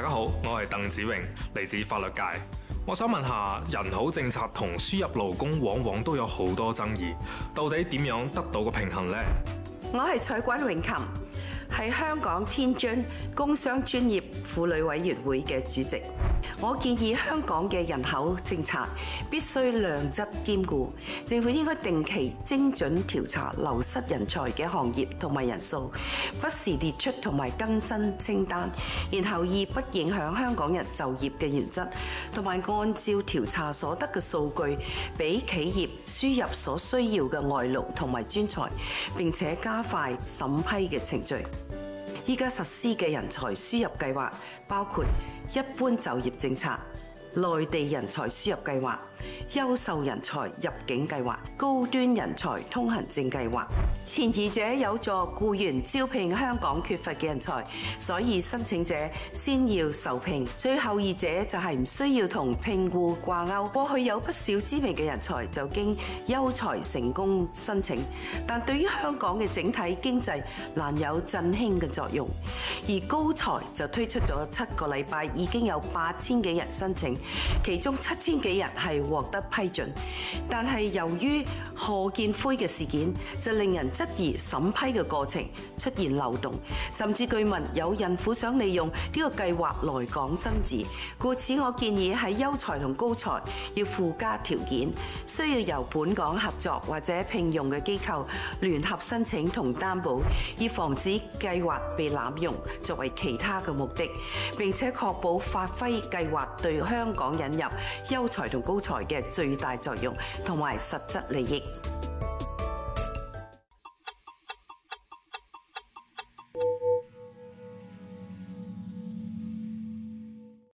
大家好，我係鄧子榮，嚟自法律界。我想問下，人口政策同輸入勞工，往往都有好多爭議，到底點樣得到個平衡呢？我係蔡關穎琴，係香港天津工商專業婦女委員會嘅主席。我建議香港嘅人口政策必須量質兼顧，政府應該定期精準調查流失人才嘅行業同埋人數，不時列出同埋更新清單，然後以不影響香港人就業嘅原則，同埋按照調查所得嘅數據，俾企業輸入所需要嘅外勞同埋專才，並且加快審批嘅程序。依家實施嘅人才輸入計劃，包括一般就業政策、內地人才輸入計劃、優秀人才入境計劃、高端人才通行證計劃。前二者有助雇員招聘香港缺乏嘅人才，所以申請者先要受聘；最後二者就係唔需要同聘雇掛鈎。過去有不少知名嘅人才就經優才成功申請，但對於香港嘅整體經濟難有振興嘅作用。而高才就推出咗七個禮拜，已經有八千幾人申請，其中七千幾人係獲得批准，但係由於何建輝嘅事件就令人質疑審批嘅過程出現漏洞，甚至據聞有孕婦想利用呢個計劃來港生子，故此我建議喺優才同高才要附加條件，需要由本港合作或者聘用嘅機構聯合申請同擔保，以防止計劃被濫用作為其他嘅目的，並且確保發揮計劃對香港引入優才同高才嘅最大作用同埋實質利益。